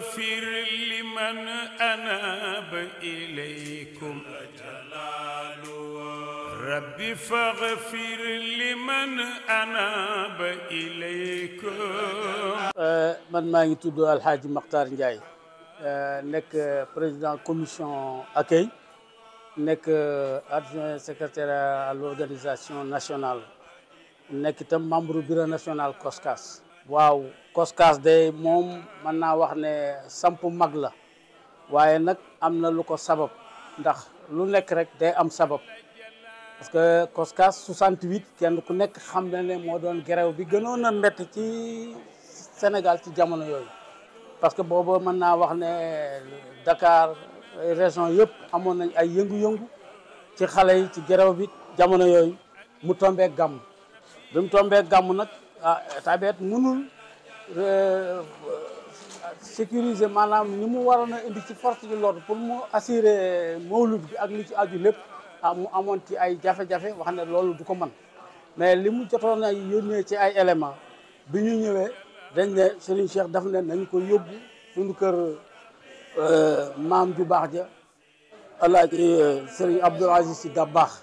واغفر لمن أناب إليكم رب فاغفر لمن أناب إليكم euh, man maa ngi tudd Alxaaji Maxtaar Njaay euh, nekk euh, président commission accueil nekk adjoint secrétaire à l'organisation nationale nekk itam membre bureau national COSCAS waaw Coskas de moom mën naa wax ne samp mag la waaye nag am na lu ko sabab ndax lu nekk rek day am sabab parce que Coskas 68 kenn ku nekk xam na ne moo doon grève bi gënoon a métti ci Sénégal ci jamono yooyu parce que booba mën naa wax ne Dakar région yëpp amoon nañ ay yëngu-yëngu ci xale yi ci grève bi jamono yooyu mu tombee gàmm bi mu tombee gàmm nag ah état bi it mënul euh, sécuriser maanaam ni mu waroon a indi ci force de l'ordre pour mu assurer mawlud bi ak li ci aju lépp ah mu amoon ci ay jafe-jafe wax ne loolu du ko mën mais li mu jotoon a yónnee ci ay éléments bi ñu ñëwee dañ ne Serigne Cheikh daf ne nañ ko yóbbu suñu kër euh, maam ju baax ja alaaji euh, Serigne Abdoul Aziz Sy Dabakh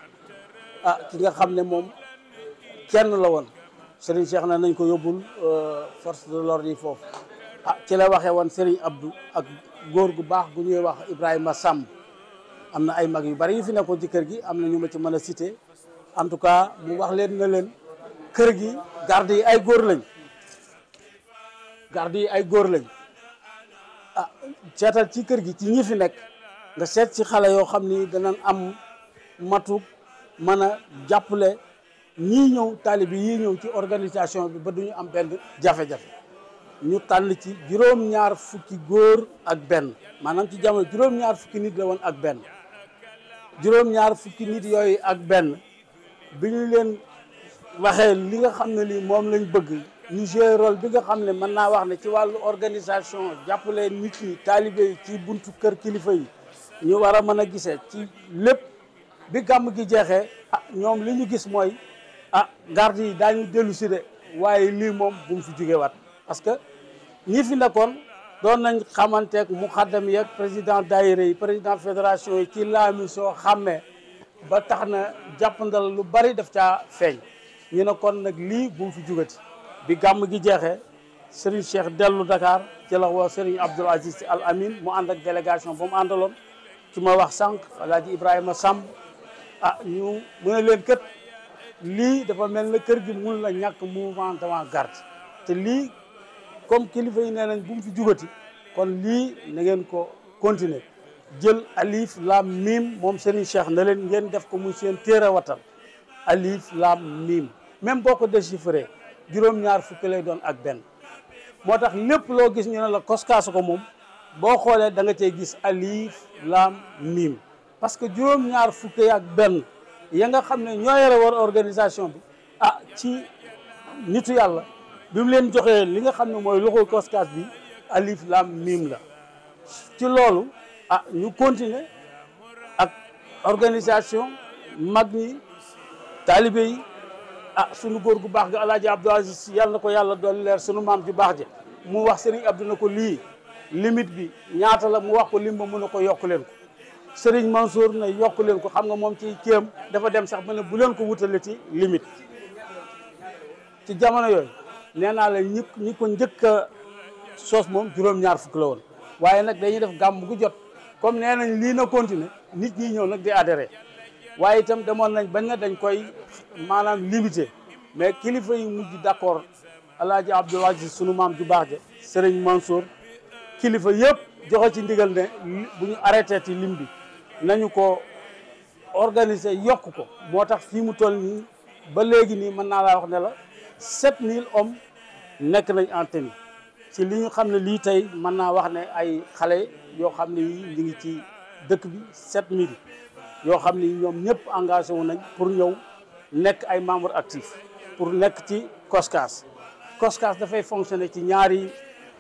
ah ki nga xam ne moom kenn la woon Serigne Cheikh na nañ ko yóbbul euh, force de l'ordre yi foofu a ah, ci la waxee woon Serigne Abdou ak góor gu baax gu ñuy wax Ibrahima sàmm am na ay mag yu bari yu fi nekkoon ci kër gi am na ñu ma ci mën a cité en tout cas mu wax leen na leen kër gi garde yi ay góor lañ garde yi ay góor lañ ah seetal ci kër gi ci ñi fi nekk nga seet ci xale yoo xam ni danañ am matuk mën a jàppale ñii ñëw taalibe yii ñëw ci organisation bi ba duñu am benn jafe-jafe ñu tànn ci juróom-ñaar fukki góor ak benn maanaam ci jamono juróom-ñaar fukki nit la woon ak benn juróom-ñaar fukki nit yooyu ak benn bi ñu leen waxee li nga xam ne lii moom lañ bëgg ñu joué bi nga xam ne mën naa wax ne ci wàllu organisation jàppaleen nit ñi taalibe yi ci buntu kër kilifa yi ñu war a mën a gisee ci lépp bi gàmm gi jeexee ah ñoom li ñu gis mooy ah garde yi daañu dellu si de waaye lii moom bu mu fi jógewaat parce que ñi fi nekkoon doon nañ xamanteek mu xaddam yeeg président daayira yi président fédération yi ci laami soo xàmmee ba tax na jàpp jàppandal lu bari daf caa feeñ ñu ne nag lii bu mu fi jugati bi gàmm gi jeexee Serigne Cheikh dellu Dakar ci la woo Serigne Abdoul Aziz Sy Al Amin mu ànd ak délégation ba mu àndaloon ci ma wax sànq Alaaji Ibrahima Samb ah ñu mu leen kët lii dafa mel na kër gi mun la ñàkk mouvement d'avant-garde te lii comme kilifa yi nee nañ bu mu fi jugati kon lii na ko continuer jël alif laam miim moom seeni Cheikh na leen ngeen def ko muy seen téere wattan alif laam miim même boo ko déchiffré juróom-ñaar fukki lay doon ak benn moo tax lépp loo gis ñu ne la koskaasu ko moom boo xoolee danga nga cey gis alif laam miim parce que juróom-ñaar fukki ak benn ya nga xam ne ñoo yore war organisation bi ah ci nitu yàlla bi mu leen joxee li nga xam ne mooy loxo koskaas bi alif lam mim la ci loolu ah ñu continuer ak organisation mag ñi taalibe yi ah sunu góor gu baax ga alaaji Abdou Aziz yàlla na ko yàlla doon leer sunu maam ju baax ja mu wax sëriñ Abdou na ko lii limite bi ñaata la mu wax ko lim ba mun na ko yokk leen ko Serigne Mansour ne yokk leen ko xam nga moom ci kéem dafa dem sax ba ne bu leen ko wutale ci limite ci jamono yooyu nee naa la ñi ñi ko njëkk a sos moom juróom-ñaar fukk la woon waaye nag dañuy def gàmm gu jot comme nee nañ lii na continuer nit ñi ñëw nag di adhéré waaye itam demoon nañ bañ na dañ koy maanaam limité mais kilifa yi mujj d'accord alaaji Abdul Aziz sunu maam ju baax ja Serigne Mansour kilifa yëpp joxe ci ndigal ne bu ñu arrêté ci lim bi nañu ko organiser yokk ko moo tax fii mu toll nii ba léegi nii mën naa la wax ne la sept mille om nekk nañ en tenue ci li ñu xam ne lii tey mën naa wax ne ay xale yoo xam ne yi ñu ngi ci dëkk bi sept mille yoo xam ne ñoom ñëpp engagé wu nañ pour ñëw nekk ay membre actif pour nekk ci COSCAS COSCAS dafay fonctionner ci ñaari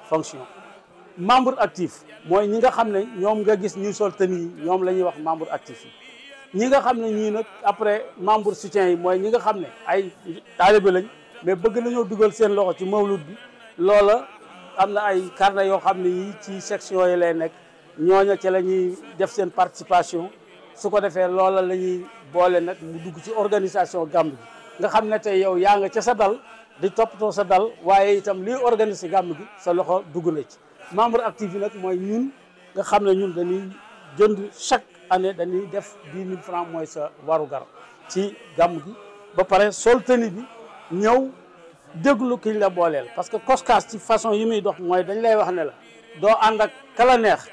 fonction membre actif mooy ñi nga xam ne ñoom nga gis ñuy sol tenue yi ñoom la ñuy wax membre actif ñi nga xam ne ñii nag après membre soutien yi mooy ñi nga xam ne ay taalibe lañ mais bëgg nañoo dugal seen loxo ci mawlud bi loola am na ay carnet yoo xam ne yii ci section yi lay nekk ñooña ci la ñuy def seen participation su ko defee loola la ñuy boole nag mu dugg ci organisation gàmm gi nga xam ne tey yow yaa nga ca sa dal di topp toppatoo sa dal waaye itam liy organiser gàmm gi sa loxo dugg na ci membre actif yi nag mooy ñun nga xam ne ñun dañuy jënd chaque année dañuy def dix mille francs mooy sa warugar ci gàmm gi ba pare sol tenue bi ñëw déglu kiñ la booleel parce que Coskas ci façon yi muy dox mooy dañ lay wax ne la doo ànd ak kala neex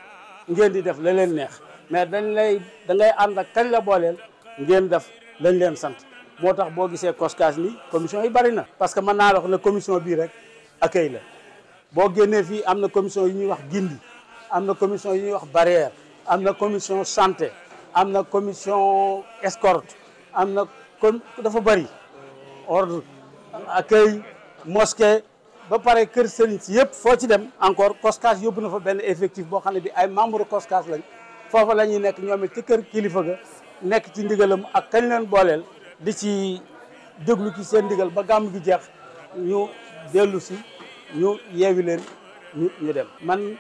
ngeen di def la leen neex mais dañ lay da ngay ànd ak kañ la booleel ngeen def lañ leen sant moo tax boo gisee Coskas ni commission yi bari na parce que mën naa dox wax ne commission bii rek accueil la boo génnee fii am na commission yu ñuy wax gindi am na commission yu ñuy wax barrière am na commission santé am na commission escorte am na comme dafa bëri ordre accueil mosquée ba pare kër sëriñ si yëpp foo ci dem encore COSCAS yóbbu na fa benn effectif boo xam ne bi ay membre COSCAS lañ foofa la ñuy nekk ñoom it ci kër kilifa ga nekk ci ndigalam ak kañ leen booleel di ci déglu ci seen ndigal ba gàmm gi jeex ñu dellu si ñu yeewi leen ñu ñu dem man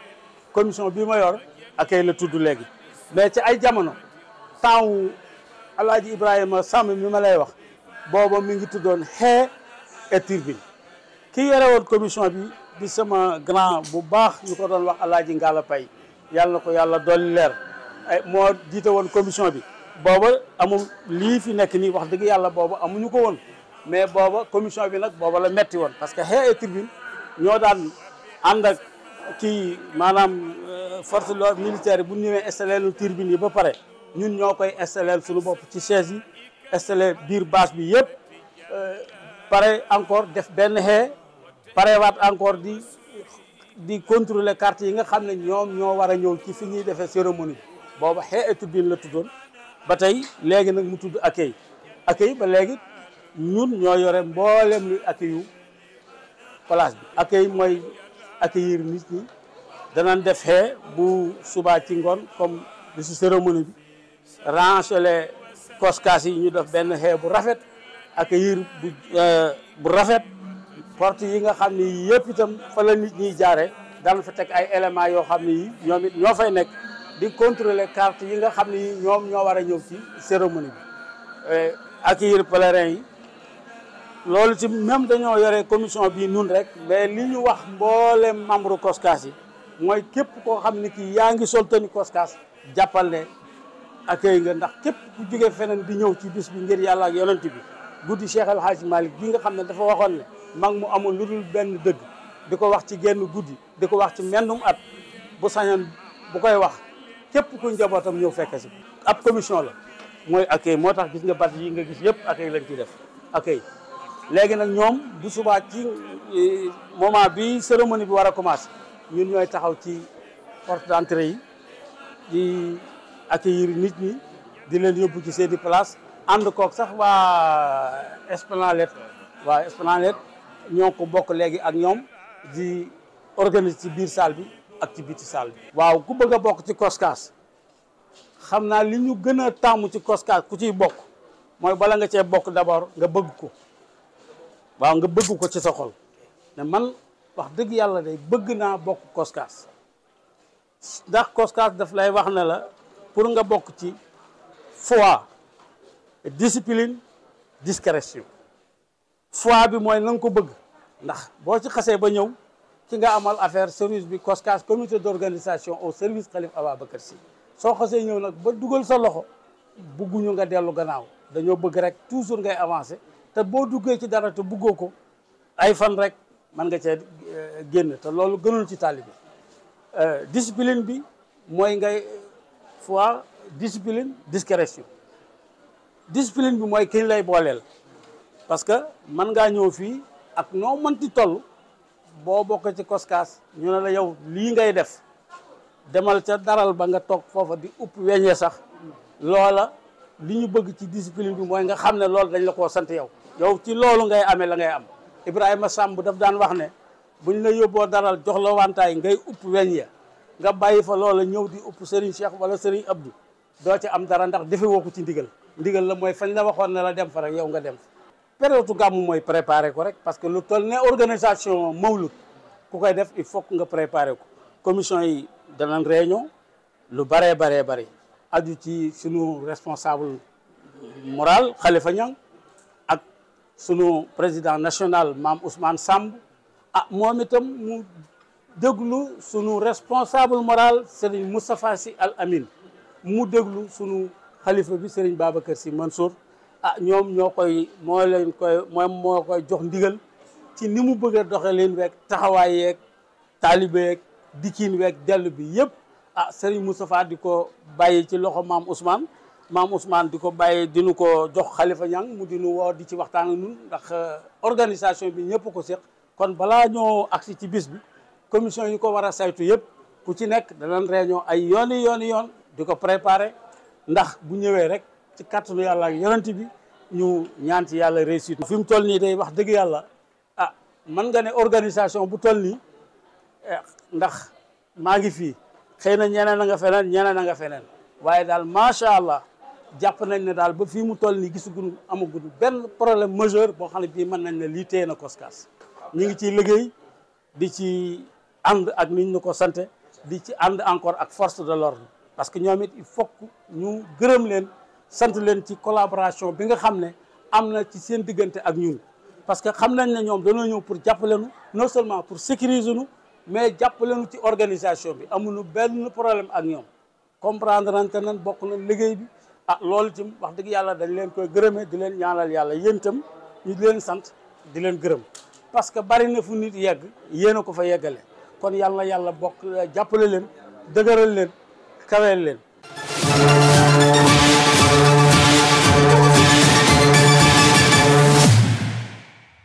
commission bi ma yor akay la tudd léegi mais ci ay jamono temps wu alaaji ibrahima sàmm mi ma lay wax booba mi ngi tuddoon xee et turbine ki yore woon commission bi di sama grand bu baax ñu ko doon wax alaaji Ngalla Pay yàlla ko yàlla dolli leer eh, moo jiite woon commission bi booba amul lii fi nekk nii wax dëgg yàlla booba amuñu ko woon mais booba commission bi nag booba la metti woon parce que xee ñoo daan ànd ak kii maanaam euh, force lool militaire yi bu ñu ñëwee installé lu turbine yi ba pare ñun ñoo koy installé suñu bopp ci chaise yi installé biir bâche bi yëpp euh, pare encore def benn xee parewaat encore di di contrôler carte yi nga xam ne ñoom ñoo war a ñëw ci fi ñuy defee cérémonie booba xee et turbine la tuddoon ba tey léegi nag mu tudd ak accueil ba léegi ñun ñoo yore mboolem luy accueil place bi accueil mooy accueillir nit ñi danañ def xee bu subaa ci ngoon comme li si cérémonie bi rangeler koskaas yi ñu def benn xee bu rafet accueillir bu euh, bu rafet porte yi nga xam ni yëpp itam fa la nit ñiy jaare daan fa teg ay éléments yoo xam ni ñoom it ñoo fay nekk di contrôler carte yi nga xam ni ñoom ñoo war a ñëw ci cérémonie bi euh, accueillir pèlerin yi loolu ci même dañoo yore commission bii nun rek mais li ñu wax mboolem membre COSCAS yi mooy képp koo xam ne kii yaa ngi sol tenue COSCAS jàppal ne accueil nga ndax képp ku jóge feneen di ñëw ci bis bi ngir yàlla ak yonent bi guddi Cheikh El Hadj Malick gi nga xam ne dafa waxoon ne mag mu amul lu dul benn dëgg di ko wax ci genn guddi di ko wax ci mennum at bu sañan bu koy wax képp ku njabootam ñëw fekk si ab commission la mooy accueil moo tax gis nga bat yi nga gis yëpp accueil lañ ciy def accueil léegi nag ñoom bu subaa ci e, moment bi cérémonie bi war a commencé ñun ñooy taxaw ci porte d'entrée yi di accueillir nit ñi di leen yóbbu ci seeni place ànd koog sax waa Esplanade waa Esplanade ñoo ko bokk léegi ak ñoom di organise ci biir salle bi ak ci bi. waaw ku bëgg a bokk ci Coskas xam naa li ñu gën a tàmm ci Coskas ku ci bokk mooy bala nga cee bokk d'abord nga bëgg ko. waaw nga bëgg ko ci sa xol ne man wax dëgg yàlla day bëgg naa bokk koskaas ndax koskaas daf lay wax ne la pour nga bokk ci foi discipline discrétion foi bi mooy na nga ko bëgg ndax boo ci xasee ba ñëw ki nga amal affaire service bi koskaas comité d'organisation au service xalif Ababacar Sy soo xasee ñëw nag ba dugal sa loxo bugguñu nga dellu gannaaw dañoo bëgg rek toujours ngay avancer te boo duggee ci dara te buggoo ko ay fan rek man nga cee eh, génn te loolu gënul ci taalibe eh, discipline bi mooy ngay fois discipline discrétion discipline bi mooy kiñ lay booleel parce que mën ngaa ñëw fii ak noo mënti toll boo bokk ci koskaas ñu ne la yow lii ngay def demal ca daral ba nga toog foofa di upp weñee sax loola li ñu bëgg ci discipline bi mooy nga xam ne loolu dañ la ko sant yow yow ci loolu ngay amee la ngay am Ibrahima Samb daf daan wax ne buñ la yóbboo daral jox la wantaay ngay upp weñ ya nga bàyyi fa loola ñëw di upp Serigne Cheikh wala Serigne Abdou doo ci am dara ndax defe woo ko ci ndigal ndigal la mooy fañ la waxoon ne la dem fa rek yow nga dem fa période gàmmu mooy préparer ko rek parce que lu toll ne organisation mawlud ku koy def il faut que nga préparer ko commission yi danañ réunion lu baree baree bari aju ci sunu responsable moral sunu président national maam Ousmane Samb ah moom itam mu déglu sunu responsable moral Serigne Moustapha si Al Amin mu déglu sunu xalifa bi Serigne Babacar si Mansour ah ñoom ñoo koy moo leen koy moom moo koy jox ndigal ci ni mu bëggee a doxe leen weeg taxawaay yeeg taalibe yeeg dikkiin week dellu bi yëpp ah Serigne Moustapha di ko bàyyi ci loxo maam Ousmane maam Ousmane di ko bàyyee dinu ko jox Khalifa Niang mu dinu woo di ci waxtaan ak ñun ndax euh, organisation bi ñëpp ko séq kon balaa ñoo agsi ci bis bi commission yi ko war a saytu yëpp ku ci nekk danañ réunion ay yooni yooni yoon di ko préparer ndax bu ñëwee rek ci kàttanu yàlla ak yonent bi ñu ñaan ci yàlla réussite fi mu toll nii day wax dëgg yàlla ah man nga ne organisation bu toll nii eh, ndax maa ngi fii xëy na ñeneen a nga feneen ñeneen a nga feneen waaye daal macha allah jàpp nañ ne daal ba fii mu toll ni nii gisaguñu amaguñu benn problème majeur boo xam bii mën nañ ne lii téye na Coskas ñu ngi ciy liggéey di ci ànd ak niñ ñu ko sante di ci ànd encore ak force de l'ordre parce que ñoom it il faut ñu gërëm leen sant leen ci collaboration bi nga xam ne am na ci seen diggante ak ñu parce que xam nañ ne ñoom dañoo ñëw pour jàppale nu non seulement pour sécuriser nu mais jàppale nu ci organisation bi amuñu benn problème ak ñoom comprendre nañ liggéey bi ah loolu itam wax dëgg yàlla dañ leen koy gërëmee di leen ñaanal yàlla yéen itam ñu di leen sant di leen gërëm parce que bari na fu nit yegg yéen a ko fa yeggale kon yàlla yàlla bokk jàppale leen dëgëral leen kaweel leen